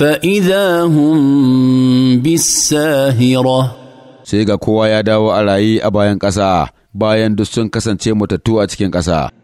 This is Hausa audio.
فإذا هم بالساهرة sai ga kowa ya dawo a rayi a bayan ƙasa bayan duk sun kasance matattu a cikin ƙasa.